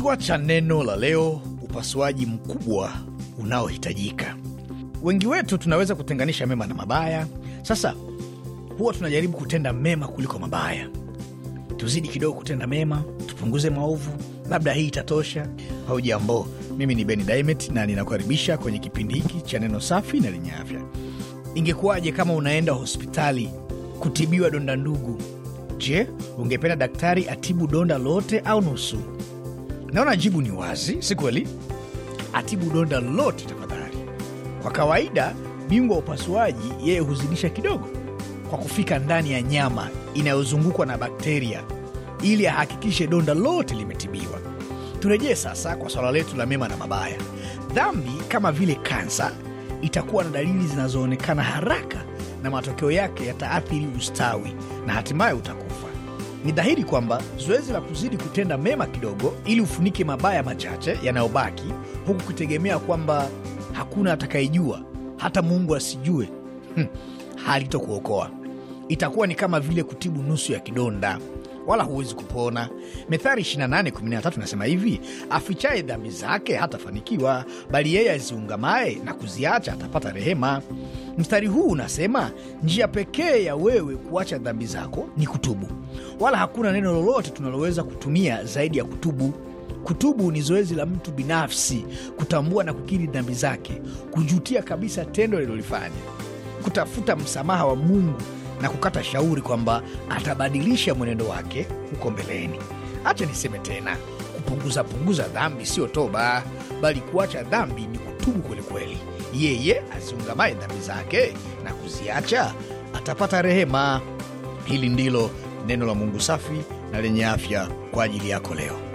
Kichwa cha neno la leo: upasuaji mkubwa unaohitajika. Wengi wetu tunaweza kutenganisha mema na mabaya. Sasa huwa tunajaribu kutenda mema kuliko mabaya. Tuzidi kidogo kutenda mema, tupunguze maovu, labda hii itatosha. au jambo mimi ni Beni Dimet na ninakukaribisha kwenye kipindi hiki cha neno safi na lenye afya. Ingekuwaje kama unaenda hospitali kutibiwa donda ndugu? Je, ungependa daktari atibu donda lote au nusu? Naona jibu ni wazi, si kweli? Atibu donda lote tafadhali. Kwa kawaida, bingwa wa upasuaji yeye huzidisha kidogo kwa kufika ndani ya nyama inayozungukwa na bakteria ili ahakikishe donda lote limetibiwa. Turejee sasa kwa swala letu la mema na mabaya. Dhambi kama vile kansa itakuwa na dalili zinazoonekana haraka na matokeo yake yataathiri ustawi na hatimaye utakufa. Ni dhahiri kwamba zoezi la kuzidi kutenda mema kidogo ili ufunike mabaya machache yanayobaki, huku kutegemea kwamba hakuna atakayejua, hata Mungu asijue, hmm, halitokuokoa. Itakuwa ni kama vile kutibu nusu ya kidonda wala huwezi kupona. Methali 28:13 nasema hivi, afichaye dhambi zake hatafanikiwa, bali yeye aziungamaye na kuziacha atapata rehema. Mstari huu unasema njia pekee ya wewe kuacha dhambi zako ni kutubu, wala hakuna neno lolote tunaloweza kutumia zaidi ya kutubu. Kutubu ni zoezi la mtu binafsi kutambua na kukiri dhambi zake, kujutia kabisa tendo lilolifanya, kutafuta msamaha wa Mungu na kukata shauri kwamba atabadilisha mwenendo wake huko mbeleni. Acha niseme tena, kupunguza punguza dhambi sio toba, bali kuacha dhambi ni kutubu kwelikweli. Yeye aziungamaye dhambi zake na kuziacha atapata rehema. Hili ndilo neno la Mungu safi na lenye afya kwa ajili yako leo.